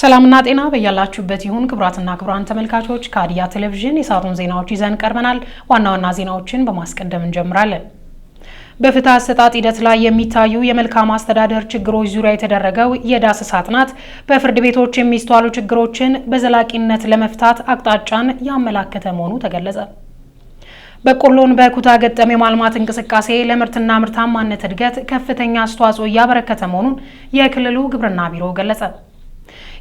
ሰላምና ጤና በያላችሁበት ይሁን። ክቡራትና ክቡራን ተመልካቾች ከሀዲያ ቴሌቪዥን የሰዓቱን ዜናዎች ይዘን ቀርበናል። ዋና ዋና ዜናዎችን በማስቀደም እንጀምራለን። በፍትህ አሰጣጥ ሂደት ላይ የሚታዩ የመልካም አስተዳደር ችግሮች ዙሪያ የተደረገው የዳሰሳ ጥናት በፍርድ ቤቶች የሚስተዋሉ ችግሮችን በዘላቂነት ለመፍታት አቅጣጫን ያመላከተ መሆኑ ተገለጸ። በቆሎን በኩታ ገጠም የማልማት እንቅስቃሴ ለምርትና ምርታማነት እድገት ከፍተኛ አስተዋጽኦ እያበረከተ መሆኑን የክልሉ ግብርና ቢሮ ገለጸ።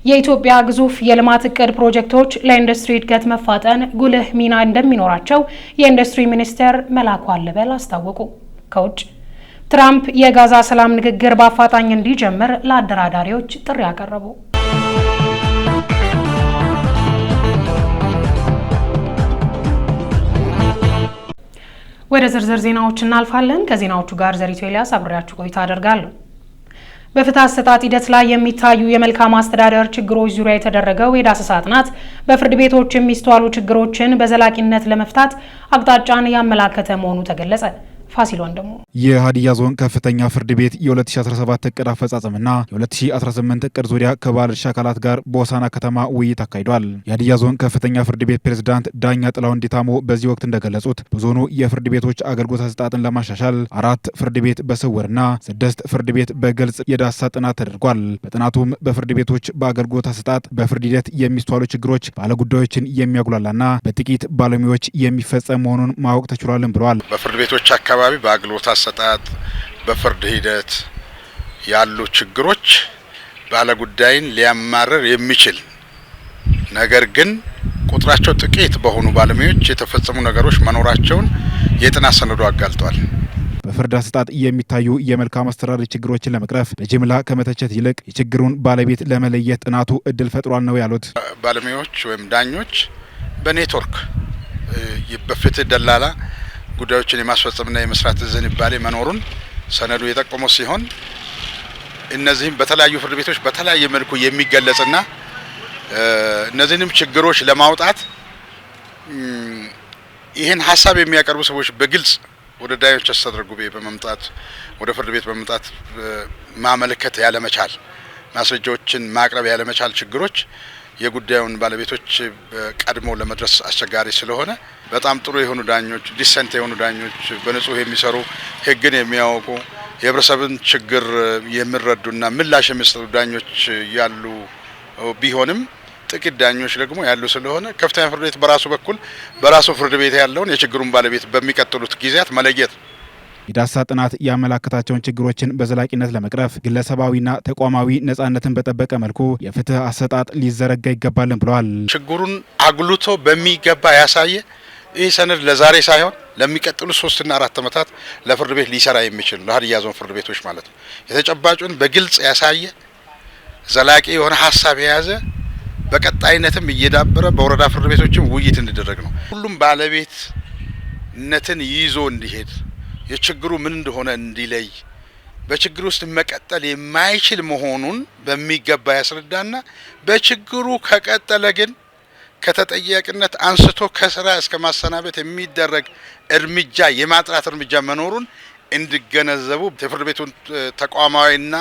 የኢትዮጵያ ግዙፍ የልማት እቅድ ፕሮጀክቶች ለኢንዱስትሪ እድገት መፋጠን ጉልህ ሚና እንደሚኖራቸው የኢንዱስትሪ ሚኒስቴር መላኩ አለበል አስታወቁ። ከውጭ ትራምፕ የጋዛ ሰላም ንግግር በአፋጣኝ እንዲጀምር ለአደራዳሪዎች ጥሪ አቀረቡ። ወደ ዝርዝር ዜናዎች እናልፋለን። ከዜናዎቹ ጋር ዘሪቶ ኤልያስ አብሬያችሁ ቆይታ አደርጋለሁ። በፍትህ አሰጣጥ ሂደት ላይ የሚታዩ የመልካም አስተዳደር ችግሮች ዙሪያ የተደረገው የዳሰሳ ጥናት በፍርድ ቤቶች የሚስተዋሉ ችግሮችን በዘላቂነት ለመፍታት አቅጣጫን ያመላከተ መሆኑ ተገለጸ። ፋሲሏን ደግሞ የሀዲያ ዞን ከፍተኛ ፍርድ ቤት የ2017 እቅድ አፈጻጸምና የ2018 እቅድ ዙሪያ ከባለድርሻ አካላት ጋር በሆሳና ከተማ ውይይት አካሂዷል። የሀዲያ ዞን ከፍተኛ ፍርድ ቤት ፕሬዝዳንት ዳኛ ጥላው ዲታሞ በዚህ ወቅት እንደገለጹት በዞኑ የፍርድ ቤቶች አገልግሎት አሰጣጥን ለማሻሻል አራት ፍርድ ቤት በስውርና ስድስት ፍርድ ቤት በግልጽ የዳሳ ጥናት ተደርጓል። በጥናቱም በፍርድ ቤቶች በአገልግሎት አሰጣጥ በፍርድ ሂደት የሚስተዋሉ ችግሮች ባለጉዳዮችን የሚያጉላላና በጥቂት ባለሙያዎች የሚፈጸም መሆኑን ማወቅ ተችሏልን ብለዋል። በፍርድ ቤቶች አካባቢ አካባቢ በአገልግሎት አሰጣጥ፣ በፍርድ ሂደት ያሉ ችግሮች ባለጉዳይን ሊያማረር የሚችል ነገር ግን ቁጥራቸው ጥቂት በሆኑ ባለሙያዎች የተፈጸሙ ነገሮች መኖራቸውን የጥናት ሰነዱ አጋልጧል። በፍርድ አሰጣጥ የሚታዩ የመልካም አስተዳደር ችግሮችን ለመቅረፍ በጅምላ ከመተቸት ይልቅ የችግሩን ባለቤት ለመለየት ጥናቱ እድል ፈጥሯል ነው ያሉት። ባለሙያዎች ወይም ዳኞች በኔትወርክ በፍትህ ደላላ ጉዳዮችን የማስፈጸምና የመስራት ዝንባሌ መኖሩን ሰነዱ የጠቆመ ሲሆን እነዚህም በተለያዩ ፍርድ ቤቶች በተለያየ መልኩ የሚገለጽና እነዚህንም ችግሮች ለማውጣት ይህን ሀሳብ የሚያቀርቡ ሰዎች በግልጽ ወደ ዳኞች አስተዳደር ጉባኤ በመምጣት ወደ ፍርድ ቤት በመምጣት ማመልከት ያለመቻል፣ ማስረጃዎችን ማቅረብ ያለመቻል ችግሮች የጉዳዩን ባለቤቶች ቀድሞ ለመድረስ አስቸጋሪ ስለሆነ በጣም ጥሩ የሆኑ ዳኞች፣ ዲሰንት የሆኑ ዳኞች፣ በንጹህ የሚሰሩ ህግን የሚያውቁ የህብረተሰብን ችግር የሚረዱና ምላሽ የሚሰጡ ዳኞች ያሉ ቢሆንም ጥቂት ዳኞች ደግሞ ያሉ ስለሆነ ከፍተኛ ፍርድ ቤት በራሱ በኩል በራሱ ፍርድ ቤት ያለውን የችግሩን ባለቤት በሚቀጥሉት ጊዜያት መለየት የዳሳ ጥናት ያመላከታቸውን ችግሮችን በዘላቂነት ለመቅረፍ ግለሰባዊና ተቋማዊ ነጻነትን በጠበቀ መልኩ የፍትህ አሰጣጥ ሊዘረጋ ይገባልን ብለዋል። ችግሩን አጉልቶ በሚገባ ያሳየ ይህ ሰነድ ለዛሬ ሳይሆን ለሚቀጥሉ ሶስትና አራት ዓመታት ለፍርድ ቤት ሊሰራ የሚችል ለሀዲያ ዞን ፍርድ ቤቶች ማለት ነው። የተጨባጩን በግልጽ ያሳየ ዘላቂ የሆነ ሀሳብ የያዘ በቀጣይነትም እየዳበረ በወረዳ ፍርድ ቤቶችም ውይይት እንዲደረግ ነው። ሁሉም ባለቤትነትን ይዞ እንዲሄድ የችግሩ ምን እንደሆነ እንዲለይ በችግር ውስጥ መቀጠል የማይችል መሆኑን በሚገባ ያስረዳና በችግሩ ከቀጠለ ግን ከተጠያቂነት አንስቶ ከስራ እስከ ማሰናበት የሚደረግ እርምጃ የማጥራት እርምጃ መኖሩን እንዲገነዘቡ የፍርድ ቤቱን ተቋማዊና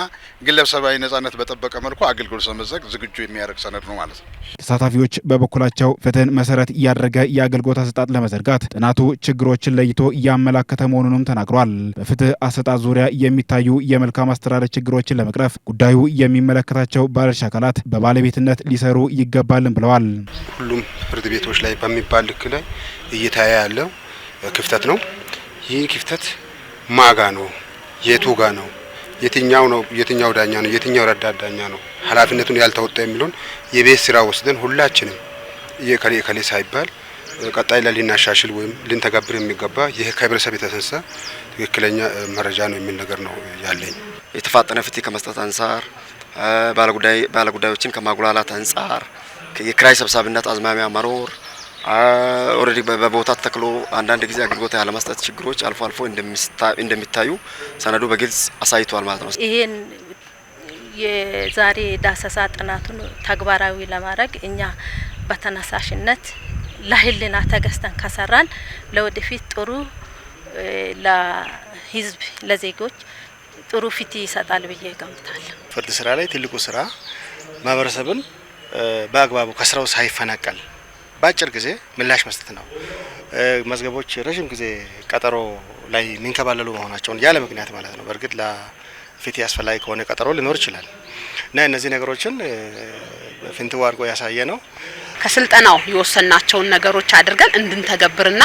ግለሰባዊ ነጻነት በጠበቀ መልኩ አገልግሎት ለመስጠት ዝግጁ የሚያደርግ ሰነድ ነው ማለት ነው። ተሳታፊዎች በበኩላቸው ፍትህን መሰረት እያደረገ የአገልግሎት አሰጣጥ ለመዘርጋት ጥናቱ ችግሮችን ለይቶ እያመላከተ መሆኑንም ተናግሯል። በፍትህ አሰጣጥ ዙሪያ የሚታዩ የመልካም አስተዳደር ችግሮችን ለመቅረፍ ጉዳዩ የሚመለከታቸው ባለድርሻ አካላት በባለቤትነት ሊሰሩ ይገባልን ብለዋል። ሁሉም ፍርድ ቤቶች ላይ በሚባል ልክ ላይ እየታየ ያለው ክፍተት ነው። ይህ ክፍተት ማጋ ነው የቱ ጋ ነው የትኛው ነው የትኛው ዳኛ ነው የትኛው ረዳት ዳኛ ነው ኃላፊነቱን ያልተወጣ የሚለውን የቤት ስራ ወስደን ሁላችንም የከሌ ከሌ ሳይባል ቀጣይ ላይ ልናሻሽል ወይም ልንተገብር የሚገባ ይህ ከህብረተሰብ የተነሳ ትክክለኛ መረጃ ነው የሚል ነገር ነው ያለኝ። የተፋጠነ ፍትህ ከመስጠት አንጻር፣ ባለጉዳዮችን ከማጉላላት አንጻር፣ የክራይ ሰብሳቢነት አዝማሚያ መኖር ኦልሬዲ በቦታ ተክሎ አንዳንድ ጊዜ አገልግሎት ያለመስጠት ችግሮች አልፎ አልፎ እንደሚታዩ ሰነዱ በግልጽ አሳይቷል ማለት ነው። ይሄን የዛሬ ዳሰሳ ጥናቱን ተግባራዊ ለማድረግ እኛ በተነሳሽነት ለህልና ተገዝተን ከሰራን ለወደፊት ጥሩ ለህዝብ ለዜጎች ጥሩ ፊት ይሰጣል ብዬ ገምታለሁ። ፍርድ ስራ ላይ ትልቁ ስራ ማህበረሰብን በአግባቡ ከስራው ሳይፈናቀል በአጭር ጊዜ ምላሽ መስጠት ነው። መዝገቦች ረዥም ጊዜ ቀጠሮ ላይ የሚንከባለሉ መሆናቸውን ያለ ምክንያት ማለት ነው። በእርግጥ ለፍትህ አስፈላጊ ከሆነ ቀጠሮ ሊኖር ይችላል እና እነዚህ ነገሮችን ፍንትው አድርጎ ያሳየ ነው። ከስልጠናው የወሰናቸውን ነገሮች አድርገን እንድንተገብርና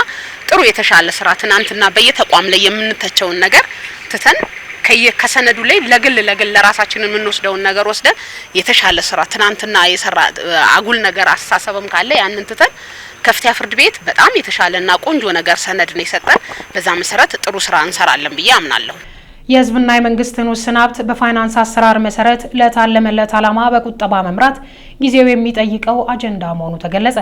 ጥሩ የተሻለ ስራ ትናንትና በየተቋም ላይ የምንተቸውን ነገር ትተን ከሰነዱ ላይ ለግል ለግል ለራሳችን የምንወስደውን ነገር ወስደን የተሻለ ስራ ትናንትና የሰራ አጉል ነገር አስተሳሰብም ካለ ያንን ትተን ከፍተኛ ፍርድ ቤት በጣም የተሻለና ቆንጆ ነገር ሰነድ ነው የሰጠን። በዛ መሰረት ጥሩ ስራ እንሰራለን ብዬ አምናለሁ። የህዝብና የመንግስትን ውስን ሀብት በፋይናንስ አሰራር መሰረት ለታለመለት ዓላማ በቁጠባ መምራት ጊዜው የሚጠይቀው አጀንዳ መሆኑ ተገለጸ።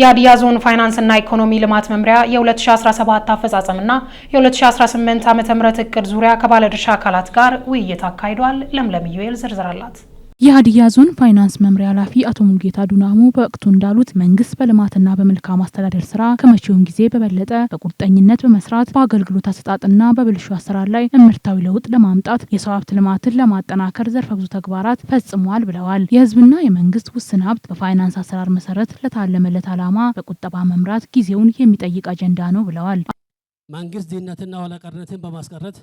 የሀዲያ ዞን ፋይናንስና ኢኮኖሚ ልማት መምሪያ የ2017 አፈጻጸምና የ2018 ዓ.ም እቅድ ዙሪያ ከባለድርሻ አካላት ጋር ውይይት አካሂዷል። ለምለም ዩኤል ዝርዝር አላት። የሀዲያ ዞን ፋይናንስ መምሪያ ኃላፊ አቶ ሙጌታ ዱናሞ በወቅቱ እንዳሉት መንግስት በልማትና በመልካም አስተዳደር ስራ ከመቼውም ጊዜ በበለጠ በቁርጠኝነት በመስራት በአገልግሎት አሰጣጥና በብልሹ አሰራር ላይ እምርታዊ ለውጥ ለማምጣት የሰው ሀብት ልማትን ለማጠናከር ዘርፈ ብዙ ተግባራት ፈጽሟል ብለዋል። የህዝብና የመንግስት ውስን ሀብት በፋይናንስ አሰራር መሰረት ለታለመለት ዓላማ በቁጠባ መምራት ጊዜውን የሚጠይቅ አጀንዳ ነው ብለዋል። መንግስት ድህነትና ኋላቀርነትን በማስቀረት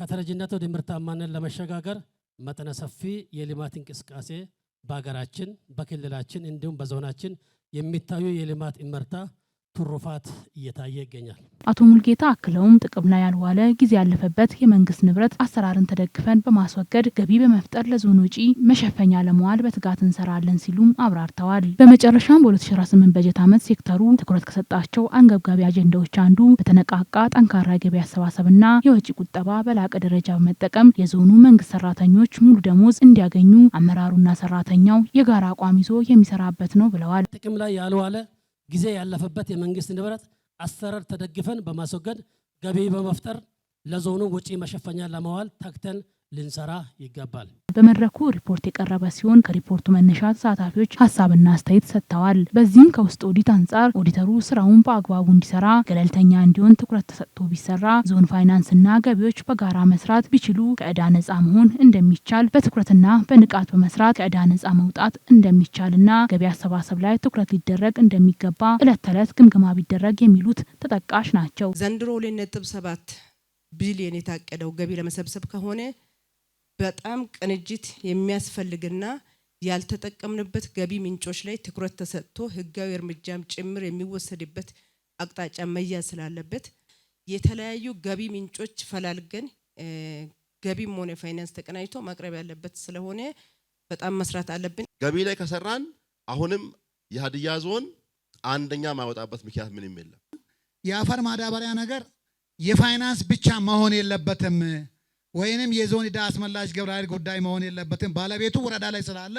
ከተረጅነት ወደ ምርታማነት ለመሸጋገር መጠነ ሰፊ የልማት እንቅስቃሴ በሀገራችን፣ በክልላችን እንዲሁም በዞናችን የሚታዩ የልማት እመርታ ትሩፋት እየታየ ይገኛል። አቶ ሙልጌታ አክለውም ጥቅም ላይ ያልዋለ ጊዜ ያለፈበት የመንግስት ንብረት አሰራርን ተደግፈን በማስወገድ ገቢ በመፍጠር ለዞን ወጪ መሸፈኛ ለመዋል በትጋት እንሰራለን ሲሉም አብራርተዋል። በመጨረሻም በ2018 በጀት ዓመት ሴክተሩ ትኩረት ከሰጣቸው አንገብጋቢ አጀንዳዎች አንዱ በተነቃቃ ጠንካራ የገቢ አሰባሰብና የወጪ ቁጠባ በላቀ ደረጃ በመጠቀም የዞኑ መንግስት ሰራተኞች ሙሉ ደሞዝ እንዲያገኙ አመራሩና ሰራተኛው የጋራ አቋም ይዞ የሚሰራበት ነው ብለዋል። ጥቅም ላይ ያልዋለ ጊዜ ያለፈበት የመንግስት ንብረት አሰራር ተደግፈን በማስወገድ ገቢ በመፍጠር ለዞኑ ወጪ መሸፈኛ ለማዋል ተግተን ልንሰራ ይገባል። በመድረኩ ሪፖርት የቀረበ ሲሆን ከሪፖርቱ መነሻ ተሳታፊዎች ሀሳብና አስተያየት ሰጥተዋል። በዚህም ከውስጥ ኦዲት አንጻር ኦዲተሩ ስራውን በአግባቡ እንዲሰራ፣ ገለልተኛ እንዲሆን ትኩረት ተሰጥቶ ቢሰራ ዞን ፋይናንስና ገቢዎች በጋራ መስራት ቢችሉ ከእዳ ነጻ መሆን እንደሚቻል በትኩረትና በንቃት በመስራት ከእዳ ነጻ መውጣት እንደሚቻልና ገቢ አሰባሰብ ላይ ትኩረት ሊደረግ እንደሚገባ እለት ተዕለት ግምገማ ቢደረግ የሚሉት ተጠቃሽ ናቸው። ዘንድሮ ሁለት ነጥብ ሰባት ቢሊዮን የታቀደው ገቢ ለመሰብሰብ ከሆነ በጣም ቅንጅት የሚያስፈልግና ያልተጠቀምንበት ገቢ ምንጮች ላይ ትኩረት ተሰጥቶ ህጋዊ እርምጃም ጭምር የሚወሰድበት አቅጣጫ መያዝ ስላለበት የተለያዩ ገቢ ምንጮች ፈላልገን ገቢም ሆነ ፋይናንስ ተቀናጅቶ ማቅረብ ያለበት ስለሆነ በጣም መስራት አለብን። ገቢ ላይ ከሰራን አሁንም የሀዲያ ዞን አንደኛ ማወጣበት ምክንያት ምንም የለም። የአፈር ማዳበሪያ ነገር የፋይናንስ ብቻ መሆን የለበትም። ወይንም የዞን ዕዳ አስመላሽ ግብረ ኃይል ጉዳይ መሆን የለበትም። ባለቤቱ ወረዳ ላይ ስላለ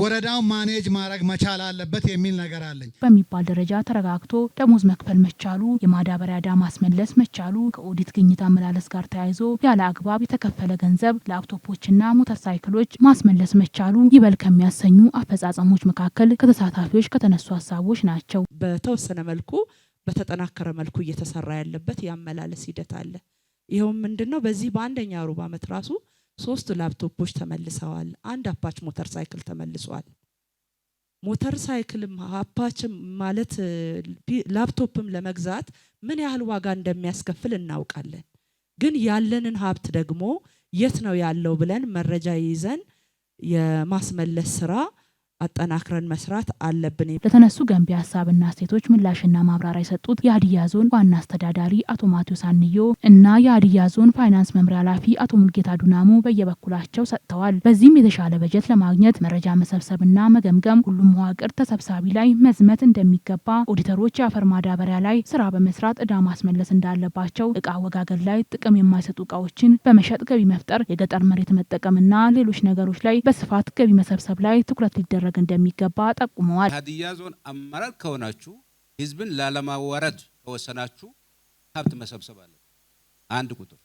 ወረዳውን ማኔጅ ማድረግ መቻል አለበት የሚል ነገር አለኝ። በሚባል ደረጃ ተረጋግቶ ደሞዝ መክፈል መቻሉ፣ የማዳበሪያ ዕዳ ማስመለስ መቻሉ ከኦዲት ግኝት አመላለስ ጋር ተያይዞ ያለ አግባብ የተከፈለ ገንዘብ ላፕቶፖችና ሞተርሳይክሎች ማስመለስ መቻሉ ይበል ከሚያሰኙ አፈጻጸሞች መካከል ከተሳታፊዎች ከተነሱ ሀሳቦች ናቸው። በተወሰነ መልኩ በተጠናከረ መልኩ እየተሰራ ያለበት የአመላለስ ሂደት አለ። ይኸውም ምንድን ነው? በዚህ በአንደኛ ሩብ ዓመት ራሱ ሶስት ላፕቶፖች ተመልሰዋል። አንድ አፓች ሞተር ሳይክል ተመልሷል። ሞተር ሳይክልም አፓችም ማለት ላፕቶፕም ለመግዛት ምን ያህል ዋጋ እንደሚያስከፍል እናውቃለን። ግን ያለንን ሀብት ደግሞ የት ነው ያለው ብለን መረጃ ይዘን የማስመለስ ስራ አጠናክረን መስራት አለብን። ለተነሱ ገንቢ ሀሳብና ሴቶች ምላሽና ማብራሪያ የሰጡት የሀዲያ ዞን ዋና አስተዳዳሪ አቶ ማቴዎስ አንዮ እና የሀዲያ ዞን ፋይናንስ መምሪያ ኃላፊ አቶ ሙልጌታ ዱናሙ በየበኩላቸው ሰጥተዋል። በዚህም የተሻለ በጀት ለማግኘት መረጃ መሰብሰብና መገምገም ሁሉም መዋቅር ተሰብሳቢ ላይ መዝመት እንደሚገባ፣ ኦዲተሮች የአፈር ማዳበሪያ ላይ ስራ በመስራት እዳ ማስመለስ እንዳለባቸው፣ እቃ አወጋገድ ላይ ጥቅም የማይሰጡ እቃዎችን በመሸጥ ገቢ መፍጠር፣ የገጠር መሬት መጠቀምና ሌሎች ነገሮች ላይ በስፋት ገቢ መሰብሰብ ላይ ትኩረት ሊደረግ ማድረግ እንደሚገባ ጠቁመዋል። ሀዲያ ዞን አመራር ከሆናችሁ ህዝብን ላለማዋረድ ከወሰናችሁ ሀብት መሰብሰብ አለ። አንድ ቁጥር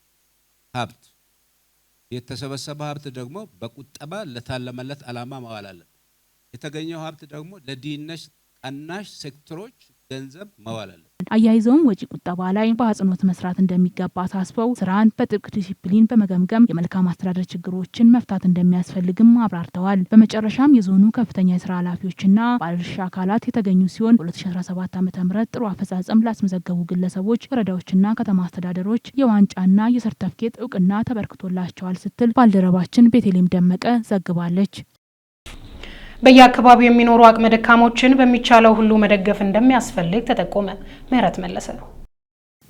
ሀብት የተሰበሰበ ሀብት ደግሞ በቁጠባ ለታለመለት ዓላማ ማዋል አለበት። የተገኘው ሀብት ደግሞ ለድህነት ቀናሽ ሴክተሮች ገንዘብ መዋል አለ። አያይዘውም ወጪ ቁጠባ ላይ በአጽንኦት መስራት እንደሚገባ አሳስበው ስራን በጥብቅ ዲሲፕሊን በመገምገም የመልካም አስተዳደር ችግሮችን መፍታት እንደሚያስፈልግም አብራርተዋል። በመጨረሻም የዞኑ ከፍተኛ የስራ ኃላፊዎችና ባለድርሻ አካላት የተገኙ ሲሆን በ2017 ዓ ም ጥሩ አፈጻጸም ላስመዘገቡ ግለሰቦች፣ ወረዳዎችና ከተማ አስተዳደሮች የዋንጫና የሰርተፍኬት እውቅና ተበርክቶላቸዋል ስትል ባልደረባችን ቤቴሌም ደመቀ ዘግባለች። በየአካባቢው የሚኖሩ አቅመ ደካሞችን በሚቻለው ሁሉ መደገፍ እንደሚያስፈልግ ተጠቆመ። ምህረት መለሰ ነው።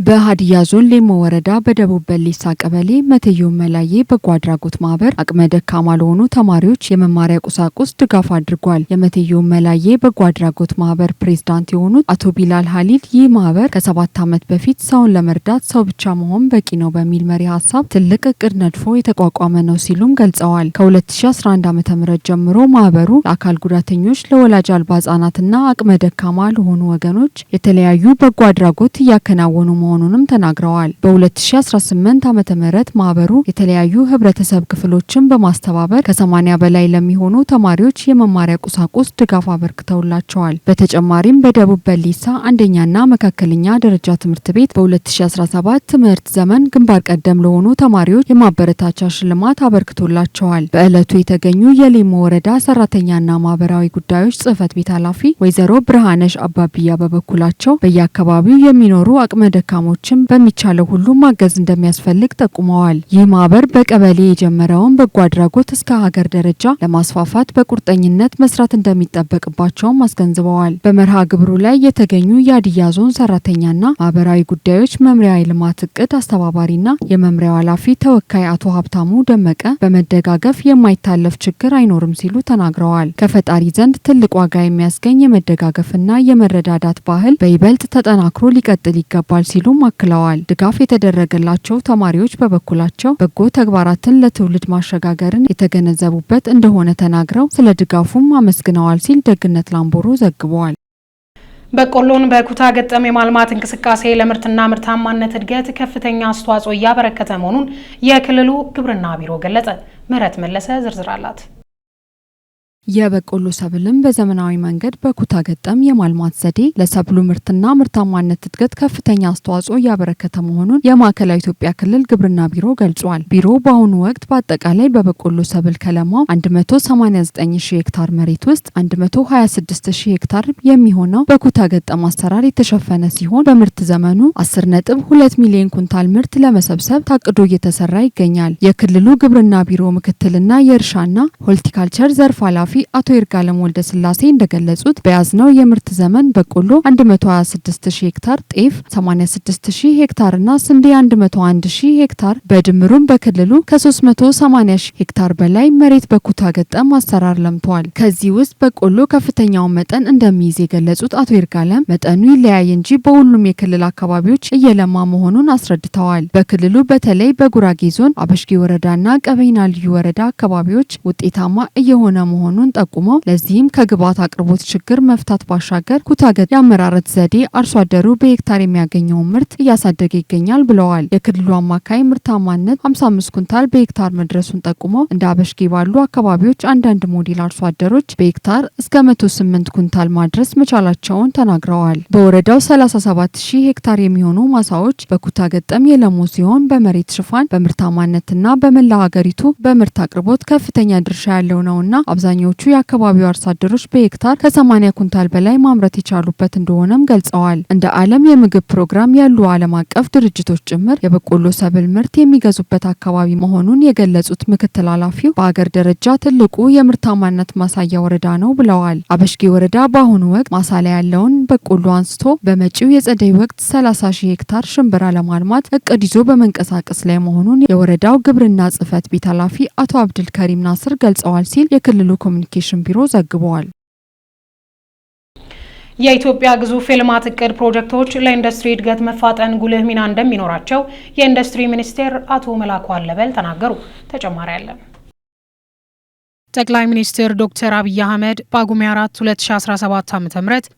በሀዲያ ዞን ሌሞ ወረዳ በደቡብ በሊሳ ቀበሌ መትዮ መላዬ በጎ አድራጎት ማህበር አቅመ ደካማ ለሆኑ ተማሪዎች የመማሪያ ቁሳቁስ ድጋፍ አድርጓል። የመትዮ መላዬ በጎ አድራጎት ማህበር ፕሬዝዳንት የሆኑት አቶ ቢላል ሀሊል ይህ ማህበር ከሰባት ዓመት በፊት ሰውን ለመርዳት ሰው ብቻ መሆን በቂ ነው በሚል መሪ ሀሳብ ትልቅ እቅድ ነድፎ የተቋቋመ ነው ሲሉም ገልጸዋል። ከ2011 ዓ ም ጀምሮ ማህበሩ ለአካል ጉዳተኞች፣ ለወላጅ አልባ ህጻናትና አቅመ ደካማ ለሆኑ ወገኖች የተለያዩ በጎ አድራጎት እያከናወኑ መሆኑንም ተናግረዋል። በ2018 ዓ ም ማህበሩ የተለያዩ ህብረተሰብ ክፍሎችን በማስተባበር ከ80 በላይ ለሚሆኑ ተማሪዎች የመማሪያ ቁሳቁስ ድጋፍ አበርክተውላቸዋል። በተጨማሪም በደቡብ በሊሳ አንደኛና መካከለኛ ደረጃ ትምህርት ቤት በ2017 ትምህርት ዘመን ግንባር ቀደም ለሆኑ ተማሪዎች የማበረታቻ ሽልማት አበርክቶላቸዋል። በዕለቱ የተገኙ የሊሞ ወረዳ ሰራተኛና ማህበራዊ ጉዳዮች ጽህፈት ቤት ኃላፊ ወይዘሮ ብርሃነሽ አባቢያ በበኩላቸው በየአካባቢው የሚኖሩ አቅመ ደካ ደካሞችን በሚቻለው ሁሉ ማገዝ እንደሚያስፈልግ ጠቁመዋል። ይህ ማህበር በቀበሌ የጀመረውን በጎ አድራጎት እስከ ሀገር ደረጃ ለማስፋፋት በቁርጠኝነት መስራት እንደሚጠበቅባቸውም አስገንዝበዋል። በመርሃ ግብሩ ላይ የተገኙ የሀዲያ ዞን ሰራተኛና ማህበራዊ ጉዳዮች መምሪያ የልማት እቅድ አስተባባሪና የመምሪያው ኃላፊ ተወካይ አቶ ሀብታሙ ደመቀ በመደጋገፍ የማይታለፍ ችግር አይኖርም ሲሉ ተናግረዋል። ከፈጣሪ ዘንድ ትልቅ ዋጋ የሚያስገኝ የመደጋገፍና የመረዳዳት ባህል በይበልጥ ተጠናክሮ ሊቀጥል ይገባል ሲሉ መፈቀዱም አክለዋል። ድጋፍ የተደረገላቸው ተማሪዎች በበኩላቸው በጎ ተግባራትን ለትውልድ ማሸጋገርን የተገነዘቡበት እንደሆነ ተናግረው ስለ ድጋፉም አመስግነዋል ሲል ደግነት ላምቦሮ ዘግበዋል። በቆሎን በኩታ ገጠም የማልማት እንቅስቃሴ ለምርትና ምርታማነት እድገት ከፍተኛ አስተዋጽኦ እያበረከተ መሆኑን የክልሉ ግብርና ቢሮ ገለጸ። ምህረት መለሰ ዝርዝር አላት። የበቆሎ ሰብልም በዘመናዊ መንገድ በኩታ ገጠም የማልማት ዘዴ ለሰብሉ ምርትና ምርታማነት እድገት ከፍተኛ አስተዋጽኦ እያበረከተ መሆኑን የማዕከላዊ ኢትዮጵያ ክልል ግብርና ቢሮ ገልጿል። ቢሮ በአሁኑ ወቅት በአጠቃላይ በበቆሎ ሰብል ከለማው 189 ሺህ ሄክታር መሬት ውስጥ 126 ሺህ ሄክታር የሚሆነው በኩታ ገጠም አሰራር የተሸፈነ ሲሆን በምርት ዘመኑ 10 2 ሚሊዮን ኩንታል ምርት ለመሰብሰብ ታቅዶ እየተሰራ ይገኛል። የክልሉ ግብርና ቢሮ ምክትልና የእርሻና ሆልቲካልቸር ዘርፍ ኃላፊ አቶ ይርጋለም ወልደ ስላሴ እንደገለጹት በያዝነው የምርት ዘመን በቆሎ 126000 ሄክታር፣ ጤፍ 86000 ሄክታር እና ስንዴ 101000 ሄክታር በድምሩም በክልሉ ከ380000 ሄክታር በላይ መሬት በኩታ ገጠም አሰራር ለምተዋል። ከዚህ ውስጥ በቆሎ ከፍተኛውን መጠን እንደሚይዝ የገለጹት አቶ ይርጋለም መጠኑ ይለያይ እንጂ በሁሉም የክልል አካባቢዎች እየለማ መሆኑን አስረድተዋል። በክልሉ በተለይ በጉራጌ ዞን አበሽጌ ወረዳና ቀበይና ልዩ ወረዳ አካባቢዎች ውጤታማ እየሆነ መሆኑን መሆኑን ጠቁመው ለዚህም ከግብዓት አቅርቦት ችግር መፍታት ባሻገር ኩታገድ የአመራረት ዘዴ አርሶ አደሩ በሄክታር የሚያገኘውን ምርት እያሳደገ ይገኛል ብለዋል። የክልሉ አማካይ ምርታማነት 55 ኩንታል በሄክታር መድረሱን ጠቁመው እንደ አበሽጌ ባሉ አካባቢዎች አንዳንድ ሞዴል አርሶ አደሮች በሄክታር እስከ 108 ኩንታል ማድረስ መቻላቸውን ተናግረዋል። በወረዳው 37 ሺህ ሄክታር የሚሆኑ ማሳዎች በኩታ ገጠም የለሙ ሲሆን በመሬት ሽፋን በምርታማነትና በመላ ሀገሪቱ በምርት አቅርቦት ከፍተኛ ድርሻ ያለው ነውና አብዛኛው አብዛኞቹ የአካባቢው አርሶ አደሮች በሄክታር ከ80 ኩንታል በላይ ማምረት የቻሉበት እንደሆነም ገልጸዋል። እንደ ዓለም የምግብ ፕሮግራም ያሉ ዓለም አቀፍ ድርጅቶች ጭምር የበቆሎ ሰብል ምርት የሚገዙበት አካባቢ መሆኑን የገለጹት ምክትል ኃላፊው በአገር ደረጃ ትልቁ የምርታማነት ማሳያ ወረዳ ነው ብለዋል። አበሽጌ ወረዳ በአሁኑ ወቅት ማሳ ላይ ያለውን በቆሎ አንስቶ በመጪው የጸደይ ወቅት 30 ሺህ ሄክታር ሽምብራ ለማልማት እቅድ ይዞ በመንቀሳቀስ ላይ መሆኑን የወረዳው ግብርና ጽፈት ቤት ኃላፊ አቶ አብድል ናስር ገልጸዋል ሲል የክልሉ ኮሚ ኮሚኒኬሽን ቢሮ ዘግበዋል። የኢትዮጵያ ግዙፍ የልማት እቅድ ፕሮጀክቶች ለኢንዱስትሪ እድገት መፋጠን ጉልህ ሚና እንደሚኖራቸው የኢንዱስትሪ ሚኒስቴር አቶ መላኩ አለበል ተናገሩ። ተጨማሪ አለን። ጠቅላይ ሚኒስትር ዶክተር አብይ አህመድ ጳጉሜ 4 2017 ዓ ም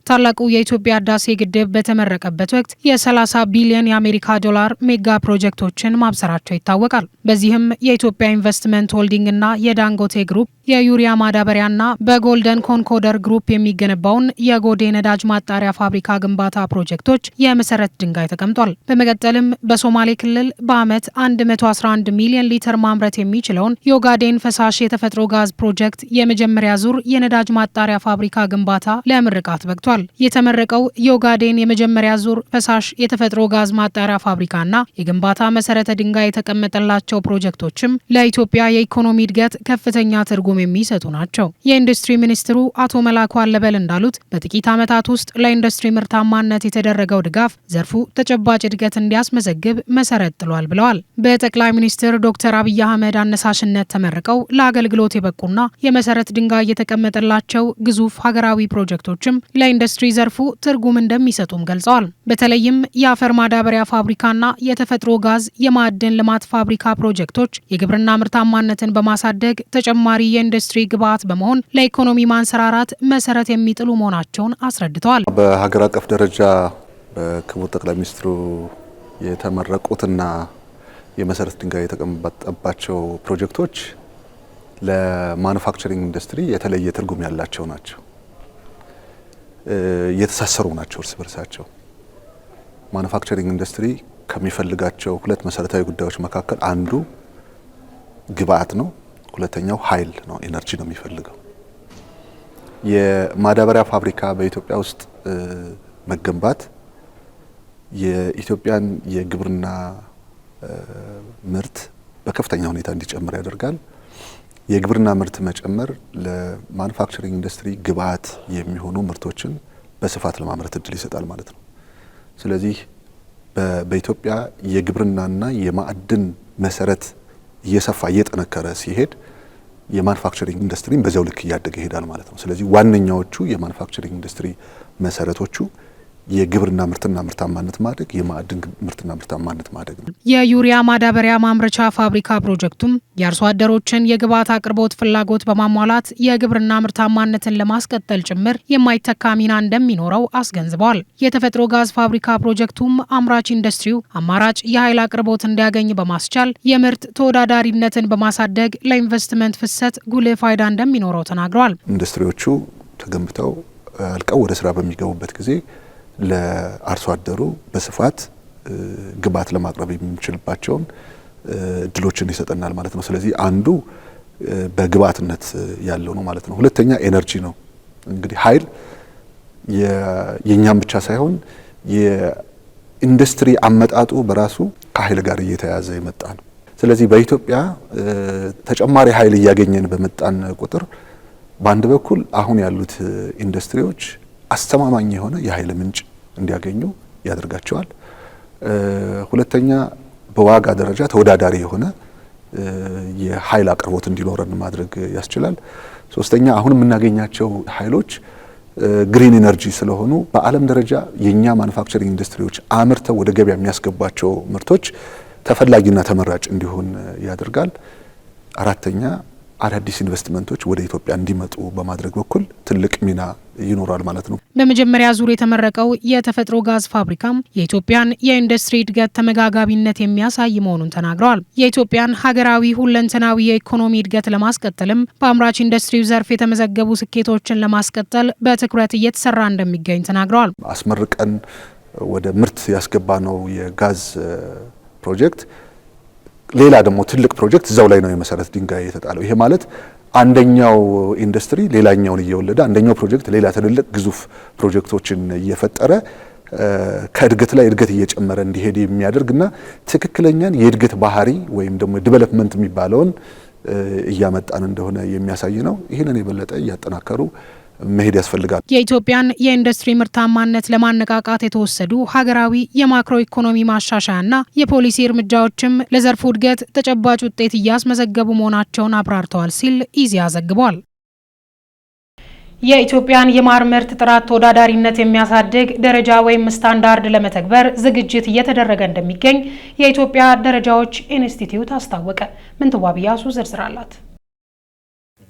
ታላቁ የኢትዮጵያ ህዳሴ ግድብ በተመረቀበት ወቅት የ30 ቢሊዮን የአሜሪካ ዶላር ሜጋ ፕሮጀክቶችን ማብሰራቸው ይታወቃል። በዚህም የኢትዮጵያ ኢንቨስትመንት ሆልዲንግ እና የዳንጎቴ ግሩፕ የዩሪያ ማዳበሪያና በጎልደን ኮንኮደር ግሩፕ የሚገነባውን የጎዴ ነዳጅ ማጣሪያ ፋብሪካ ግንባታ ፕሮጀክቶች የመሰረት ድንጋይ ተቀምጧል። በመቀጠልም በሶማሌ ክልል በዓመት 111 ሚሊዮን ሊትር ማምረት የሚችለውን የኦጋዴን ፈሳሽ የተፈጥሮ ጋዝ ፕሮጀክት የመጀመሪያ ዙር የነዳጅ ማጣሪያ ፋብሪካ ግንባታ ለምርቃት በቅቷል። የተመረቀው የኦጋዴን የመጀመሪያ ዙር ፈሳሽ የተፈጥሮ ጋዝ ማጣሪያ ፋብሪካና የግንባታ መሰረተ ድንጋይ የተቀመጠላቸው ፕሮጀክቶችም ለኢትዮጵያ የኢኮኖሚ እድገት ከፍተኛ ትርጉም ትርጉም የሚሰጡ ናቸው። የኢንዱስትሪ ሚኒስትሩ አቶ መላኩ አለበል እንዳሉት በጥቂት ዓመታት ውስጥ ለኢንዱስትሪ ምርታማነት የተደረገው ድጋፍ ዘርፉ ተጨባጭ እድገት እንዲያስመዘግብ መሰረት ጥሏል ብለዋል። በጠቅላይ ሚኒስትር ዶክተር አብይ አህመድ አነሳሽነት ተመርቀው ለአገልግሎት የበቁና የመሰረት ድንጋይ የተቀመጠላቸው ግዙፍ ሀገራዊ ፕሮጀክቶችም ለኢንዱስትሪ ዘርፉ ትርጉም እንደሚሰጡም ገልጸዋል። በተለይም የአፈር ማዳበሪያ ፋብሪካና የተፈጥሮ ጋዝ የማዕድን ልማት ፋብሪካ ፕሮጀክቶች የግብርና ምርታማነትን በማሳደግ ተጨማሪ የ የኢንዱስትሪ ግብዓት በመሆን ለኢኮኖሚ ማንሰራራት መሰረት የሚጥሉ መሆናቸውን አስረድተዋል። በሀገር አቀፍ ደረጃ በክቡር ጠቅላይ ሚኒስትሩ የተመረቁትና የመሰረት ድንጋይ የተቀመጠባቸው ፕሮጀክቶች ለማኑፋክቸሪንግ ኢንዱስትሪ የተለየ ትርጉም ያላቸው ናቸው። የተሳሰሩ ናቸው እርስ በርሳቸው። ማኑፋክቸሪንግ ኢንዱስትሪ ከሚፈልጋቸው ሁለት መሰረታዊ ጉዳዮች መካከል አንዱ ግብአት ነው። ሁለተኛው ኃይል ነው፣ ኤነርጂ ነው የሚፈልገው። የማዳበሪያ ፋብሪካ በኢትዮጵያ ውስጥ መገንባት የኢትዮጵያን የግብርና ምርት በከፍተኛ ሁኔታ እንዲጨምር ያደርጋል። የግብርና ምርት መጨመር ለማኑፋክቸሪንግ ኢንዱስትሪ ግብዓት የሚሆኑ ምርቶችን በስፋት ለማምረት እድል ይሰጣል ማለት ነው። ስለዚህ በኢትዮጵያ የግብርናና የማዕድን መሰረት እየሰፋ እየጠነከረ ሲሄድ የማኑፋክቸሪንግ ኢንዱስትሪም በዚያው ልክ እያደገ ይሄዳል ማለት ነው። ስለዚህ ዋነኛዎቹ የማኑፋክቸሪንግ ኢንዱስትሪ መሰረቶቹ የግብርና ምርትና ምርታማነት ማደግ፣ የማዕድን ምርትና ምርታማነት ማደግ ነው። የዩሪያ ማዳበሪያ ማምረቻ ፋብሪካ ፕሮጀክቱም የአርሶ አደሮችን የግብዓት አቅርቦት ፍላጎት በማሟላት የግብርና ምርታማነትን ለማስቀጠል ጭምር የማይተካ ሚና እንደሚኖረው አስገንዝበዋል። የተፈጥሮ ጋዝ ፋብሪካ ፕሮጀክቱም አምራች ኢንዱስትሪው አማራጭ የኃይል አቅርቦት እንዲያገኝ በማስቻል የምርት ተወዳዳሪነትን በማሳደግ ለኢንቨስትመንት ፍሰት ጉልህ ፋይዳ እንደሚኖረው ተናግረዋል። ኢንዱስትሪዎቹ ተገንብተው አልቀው ወደ ስራ በሚገቡበት ጊዜ ለአርሶ አደሩ በስፋት ግብዓት ለማቅረብ የሚችልባቸውን እድሎችን ይሰጠናል ማለት ነው። ስለዚህ አንዱ በግብዓትነት ያለው ነው ማለት ነው። ሁለተኛ ኤነርጂ ነው። እንግዲህ ኃይል የእኛም ብቻ ሳይሆን የኢንዱስትሪ አመጣጡ በራሱ ከኃይል ጋር እየተያያዘ የመጣ ነው። ስለዚህ በኢትዮጵያ ተጨማሪ ኃይል እያገኘን በመጣን ቁጥር በአንድ በኩል አሁን ያሉት ኢንዱስትሪዎች አስተማማኝ የሆነ የኃይል ምንጭ እንዲያገኙ ያደርጋቸዋል። ሁለተኛ በዋጋ ደረጃ ተወዳዳሪ የሆነ የኃይል አቅርቦት እንዲኖረን ማድረግ ያስችላል። ሶስተኛ አሁን የምናገኛቸው ኃይሎች ግሪን ኢነርጂ ስለሆኑ በዓለም ደረጃ የእኛ ማኑፋክቸሪንግ ኢንዱስትሪዎች አምርተው ወደ ገበያ የሚያስገቧቸው ምርቶች ተፈላጊና ተመራጭ እንዲሆን ያደርጋል። አራተኛ አዳዲስ ኢንቨስትመንቶች ወደ ኢትዮጵያ እንዲመጡ በማድረግ በኩል ትልቅ ሚና ይኖራል ማለት ነው። በመጀመሪያ ዙር የተመረቀው የተፈጥሮ ጋዝ ፋብሪካም የኢትዮጵያን የኢንዱስትሪ እድገት ተመጋጋቢነት የሚያሳይ መሆኑን ተናግረዋል። የኢትዮጵያን ሀገራዊ ሁለንተናዊ የኢኮኖሚ እድገት ለማስቀጠልም በአምራች ኢንዱስትሪው ዘርፍ የተመዘገቡ ስኬቶችን ለማስቀጠል በትኩረት እየተሰራ እንደሚገኝ ተናግረዋል። አስመርቀን ወደ ምርት ያስገባ ነው የጋዝ ፕሮጀክት ሌላ ደግሞ ትልቅ ፕሮጀክት እዛው ላይ ነው የመሰረት ድንጋይ የተጣለው። ይሄ ማለት አንደኛው ኢንዱስትሪ ሌላኛውን እየወለደ አንደኛው ፕሮጀክት ሌላ ትልልቅ ግዙፍ ፕሮጀክቶችን እየፈጠረ ከእድገት ላይ እድገት እየጨመረ እንዲሄድ የሚያደርግ እና ትክክለኛን የእድገት ባህሪ ወይም ደግሞ ዲቨሎፕመንት የሚባለውን እያመጣን እንደሆነ የሚያሳይ ነው። ይህንን የበለጠ እያጠናከሩ መሄድ ያስፈልጋል። የኢትዮጵያን የኢንዱስትሪ ምርታማነት ለማነቃቃት የተወሰዱ ሀገራዊ የማክሮ ኢኮኖሚ ማሻሻያና የፖሊሲ እርምጃዎችም ለዘርፉ እድገት ተጨባጭ ውጤት እያስመዘገቡ መሆናቸውን አብራርተዋል ሲል ኢዜአ ዘግቧል። የኢትዮጵያን የማር ምርት ጥራት ተወዳዳሪነት የሚያሳድግ ደረጃ ወይም ስታንዳርድ ለመተግበር ዝግጅት እየተደረገ እንደሚገኝ የኢትዮጵያ ደረጃዎች ኢንስቲትዩት አስታወቀ። ምንትዋብ ያሱ ዝርዝር አላት።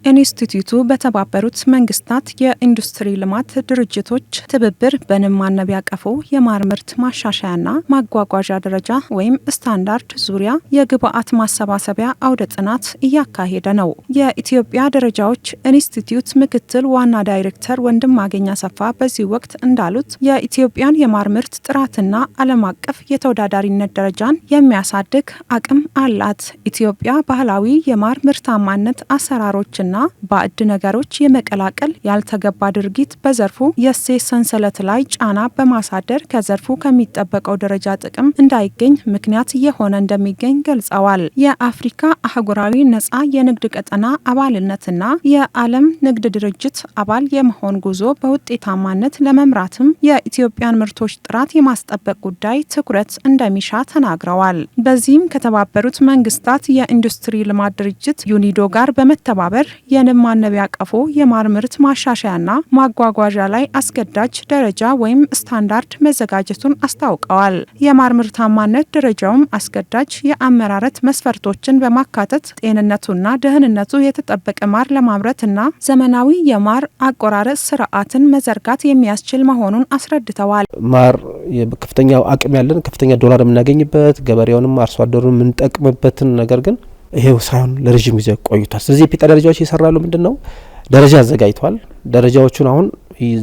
ኢንስቲትዩቱ በተባበሩት መንግስታት የኢንዱስትሪ ልማት ድርጅቶች ትብብር በንብ ማነብ ያቀፉ የማር ምርት ማሻሻያና ማጓጓዣ ደረጃ ወይም ስታንዳርድ ዙሪያ የግብአት ማሰባሰቢያ አውደ ጥናት እያካሄደ ነው። የኢትዮጵያ ደረጃዎች ኢንስቲትዩት ምክትል ዋና ዳይሬክተር ወንድም ወንድማገኝ ሰፋ በዚህ ወቅት እንዳሉት የኢትዮጵያን የማር ምርት ጥራትና ዓለም አቀፍ የተወዳዳሪነት ደረጃን የሚያሳድግ አቅም አላት። ኢትዮጵያ ባህላዊ የማር ምርታማነት አሰራሮችን እና ባዕድ ነገሮች የመቀላቀል ያልተገባ ድርጊት በዘርፉ የእሴት ሰንሰለት ላይ ጫና በማሳደር ከዘርፉ ከሚጠበቀው ደረጃ ጥቅም እንዳይገኝ ምክንያት እየሆነ እንደሚገኝ ገልጸዋል። የአፍሪካ አህጉራዊ ነጻ የንግድ ቀጠና አባልነትና የዓለም ንግድ ድርጅት አባል የመሆን ጉዞ በውጤታማነት ለመምራትም የኢትዮጵያን ምርቶች ጥራት የማስጠበቅ ጉዳይ ትኩረት እንደሚሻ ተናግረዋል። በዚህም ከተባበሩት መንግስታት የኢንዱስትሪ ልማት ድርጅት ዩኒዶ ጋር በመተባበር የንብ ማነቢያ ቀፎ የማር ምርት ማሻሻያና ማጓጓዣ ላይ አስገዳጅ ደረጃ ወይም ስታንዳርድ መዘጋጀቱን አስታውቀዋል። የማር ምርታማነት ደረጃውም አስገዳጅ የአመራረት መስፈርቶችን በማካተት ጤንነቱና ደህንነቱ የተጠበቀ ማር ለማምረትና ዘመናዊ የማር አቆራረጥ ስርዓትን መዘርጋት የሚያስችል መሆኑን አስረድተዋል። ማር ከፍተኛ አቅም ያለን ከፍተኛ ዶላር የምናገኝበት ገበሬውንም አርሶ አደሩን የምንጠቅምበትን ነገር ግን ይሄው ሳይሆን ለረዥም ጊዜ ቆይቷል። ስለዚህ የፒጣ ደረጃዎች ይሰራሉ። ምንድን ነው ደረጃ አዘጋጅተዋል። ደረጃዎቹን አሁን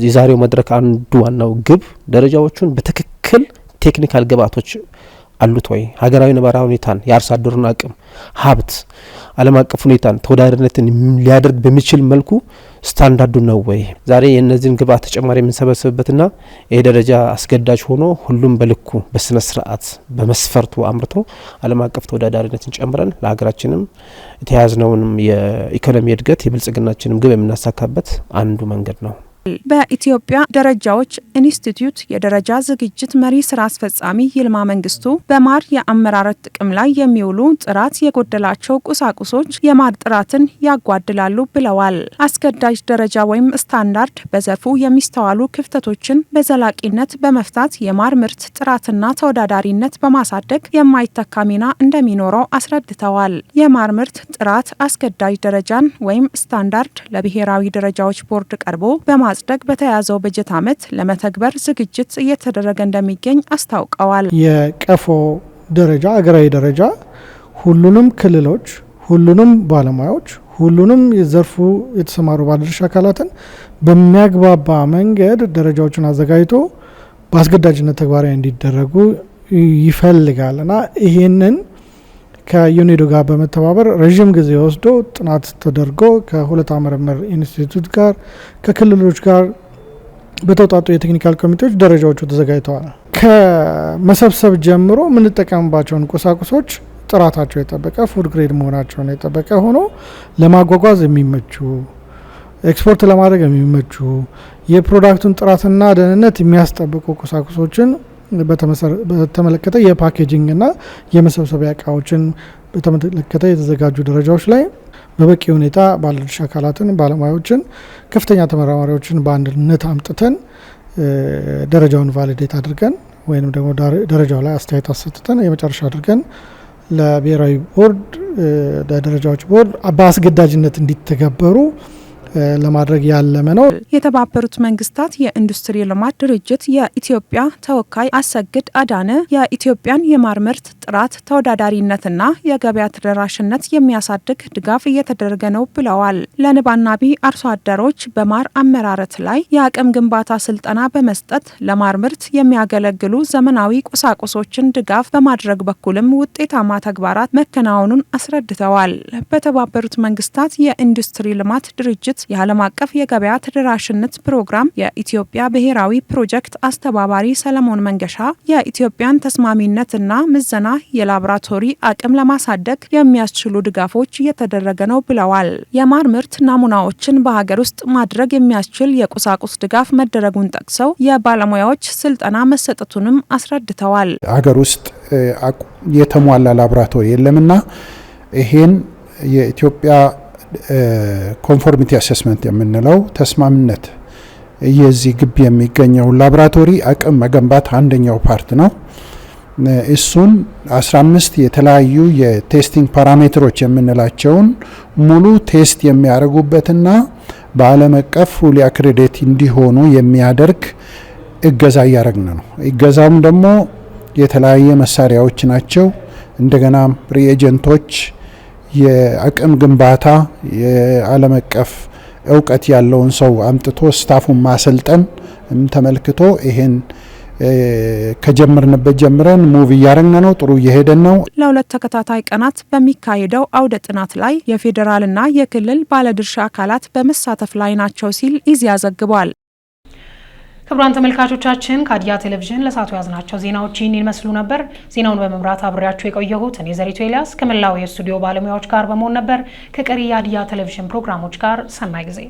የዛሬው መድረክ አንዱ ዋናው ግብ ደረጃዎቹን በትክክል ቴክኒካል ግብአቶች አሉት ወይ? ሀገራዊ ነባራዊ ሁኔታን የአርሶ አደሩን አቅም፣ ሀብት፣ ዓለም አቀፍ ሁኔታን ተወዳዳሪነትን ሊያደርግ በሚችል መልኩ ስታንዳርዱ ነው ወይ? ዛሬ የእነዚህን ግብአት ተጨማሪ የምንሰበስብበትና ይህ ደረጃ አስገዳጅ ሆኖ ሁሉም በልኩ በስነ ስርዓት በመስፈርቱ አምርቶ ዓለም አቀፍ ተወዳዳሪነትን ጨምረን ለሀገራችንም የተያዝነውንም የኢኮኖሚ እድገት የብልጽግናችንም ግብ የምናሳካበት አንዱ መንገድ ነው። በኢትዮጵያ ደረጃዎች ኢንስቲትዩት የደረጃ ዝግጅት መሪ ስራ አስፈጻሚ ይልማ መንግስቱ በማር የአመራረት ጥቅም ላይ የሚውሉ ጥራት የጎደላቸው ቁሳቁሶች የማር ጥራትን ያጓድላሉ ብለዋል። አስገዳጅ ደረጃ ወይም ስታንዳርድ በዘርፉ የሚስተዋሉ ክፍተቶችን በዘላቂነት በመፍታት የማር ምርት ጥራትና ተወዳዳሪነት በማሳደግ የማይተካ ሚና እንደሚኖረው አስረድተዋል። የማር ምርት ጥራት አስገዳጅ ደረጃን ወይም ስታንዳርድ ለብሔራዊ ደረጃዎች ቦርድ ቀርቦ በማ ለማጽደቅ በተያዘው በጀት ዓመት ለመተግበር ዝግጅት እየተደረገ እንደሚገኝ አስታውቀዋል። የቀፎ ደረጃ አገራዊ ደረጃ ሁሉንም ክልሎች፣ ሁሉንም ባለሙያዎች፣ ሁሉንም የዘርፉ የተሰማሩ ባለድርሻ አካላትን በሚያግባባ መንገድ ደረጃዎችን አዘጋጅቶ በአስገዳጅነት ተግባራዊ እንዲደረጉ ይፈልጋል እና ይህንን ከዩኒዶ ጋር በመተባበር ረዥም ጊዜ ወስዶ ጥናት ተደርጎ ከሁለት ምርምር ኢንስቲትዩት ጋር ከክልሎች ጋር በተውጣጡ የቴክኒካል ኮሚቴዎች ደረጃዎቹ ተዘጋጅተዋል። ከመሰብሰብ ጀምሮ የምንጠቀምባቸውን ቁሳቁሶች ጥራታቸው የጠበቀ ፉድ ግሬድ መሆናቸውን የጠበቀ ሆኖ ለማጓጓዝ የሚመቹ ኤክስፖርት ለማድረግ የሚመቹ የፕሮዳክቱን ጥራትና ደህንነት የሚያስጠብቁ ቁሳቁሶችን በተመለከተ የፓኬጂንግ እና የመሰብሰቢያ እቃዎችን በተመለከተ የተዘጋጁ ደረጃዎች ላይ በበቂ ሁኔታ ባለድርሻ አካላትን፣ ባለሙያዎችን፣ ከፍተኛ ተመራማሪዎችን በአንድነት አምጥተን ደረጃውን ቫሊዴት አድርገን ወይም ደግሞ ደረጃው ላይ አስተያየት አሰጥተን የመጨረሻ አድርገን ለብሔራዊ ቦርድ ለደረጃዎች ቦርድ በአስገዳጅነት እንዲተገበሩ ለማድረግ ያለመ ነው። የተባበሩት መንግስታት የኢንዱስትሪ ልማት ድርጅት የኢትዮጵያ ተወካይ አሰግድ አዳነ የኢትዮጵያን የማር ምርት ጥራት ተወዳዳሪነትና የገበያ ተደራሽነት የሚያሳድግ ድጋፍ እየተደረገ ነው ብለዋል። ለንባናቢ አርሶ አደሮች በማር አመራረት ላይ የአቅም ግንባታ ስልጠና በመስጠት ለማር ምርት የሚያገለግሉ ዘመናዊ ቁሳቁሶችን ድጋፍ በማድረግ በኩልም ውጤታማ ተግባራት መከናወኑን አስረድተዋል። በተባበሩት መንግስታት የኢንዱስትሪ ልማት ድርጅት ለማግኘት የዓለም አቀፍ የገበያ ተደራሽነት ፕሮግራም የኢትዮጵያ ብሔራዊ ፕሮጀክት አስተባባሪ ሰለሞን መንገሻ የኢትዮጵያን ተስማሚነትና ምዘና የላብራቶሪ አቅም ለማሳደግ የሚያስችሉ ድጋፎች እየተደረገ ነው ብለዋል። የማር ምርት ናሙናዎችን በሀገር ውስጥ ማድረግ የሚያስችል የቁሳቁስ ድጋፍ መደረጉን ጠቅሰው የባለሙያዎች ስልጠና መሰጠቱንም አስረድተዋል። ሀገር ውስጥ የተሟላ ላብራቶሪ የለምና ይሄን የኢትዮጵያ ኮንፎርሚቲ አሴስመንት የምንለው ተስማምነት የዚህ ግቢ የሚገኘው ላቦራቶሪ አቅም መገንባት አንደኛው ፓርት ነው። እሱን 15 የተለያዩ የቴስቲንግ ፓራሜትሮች የምንላቸውን ሙሉ ቴስት የሚያደርጉበትና በዓለም አቀፍ ፉሊ አክሬዴት እንዲሆኑ የሚያደርግ እገዛ እያደረግን ነው። እገዛውም ደግሞ የተለያየ መሳሪያዎች ናቸው። እንደገና ሪኤጀንቶች የአቅም ግንባታ የዓለም አቀፍ እውቀት ያለውን ሰው አምጥቶ ስታፉን ማሰልጠን ተመልክቶ ይሄን ከጀመርንበት ጀምረን ሙቭ እያረግን ነው። ጥሩ እየሄደን ነው። ለሁለት ተከታታይ ቀናት በሚካሄደው አውደ ጥናት ላይ የፌዴራልና የክልል ባለድርሻ አካላት በመሳተፍ ላይ ናቸው ሲል ኢዜአ ዘግቧል። ክቡራን ተመልካቾቻችን ከሀዲያ ቴሌቪዥን ለሳቱ ያዝናቸው ዜናዎች ይህን ይመስሉ ነበር። ዜናውን በመምራት አብሬያችሁ የቆየሁት እኔ ዘሪቱ ኤልያስ ከመላው የስቱዲዮ ባለሙያዎች ጋር በመሆን ነበር። ከቀሪ የሀዲያ ቴሌቪዥን ፕሮግራሞች ጋር ሰናይ ጊዜ